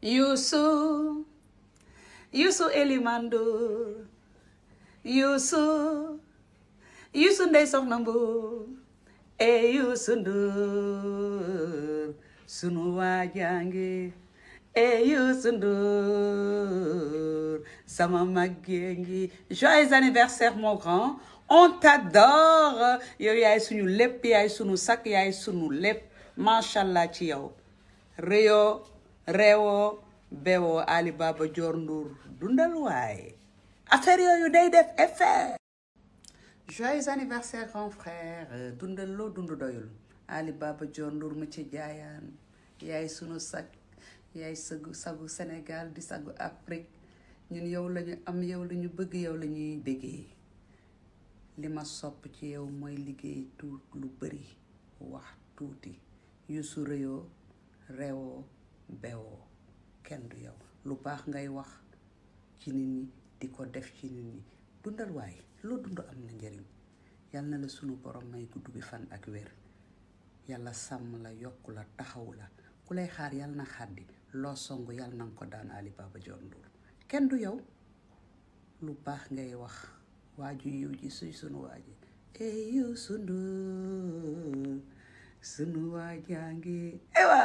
Youssou Youssou Elimando, Youssou Youssou Ndeye Soxna e Youssou Ndour sunu waajangi Eh Youssou Ndour sama joyeux anniversaire mon grand on t'adore Yo sunu Lep lépp sunu sak yaay sunu lep. reewoo bewoo Ali Baba Dior dundal waaye affaire yooyu day def effet. joyeux anniversaire grand dundal loo dund doyul Ali Baba Dior mu ci jaayaan yaay sunu sag yaay sagu sagu di sagu Afrique ñun yow lañu am yow la ñu bëgg yow la ñuy bëggee li ma sopp ci yow mooy liggéey tuut lu bari wax tuuti yusu réyoo rewoo Beo, kendo du yow lu bax ngay wax ci nit ñi diko def ci nit ñi dundal way lu dundu am na njariñ yalla na la sunu borom may guddu bi fan ak wer yalla sam la yok la taxaw la ku lay xaar yalla na xàddi lo songu yalla na ko daan ali baba jondur ken du yow lu bax ngay wax waju yu ji suñu sunu e eyu sunu sunu waajangi ewa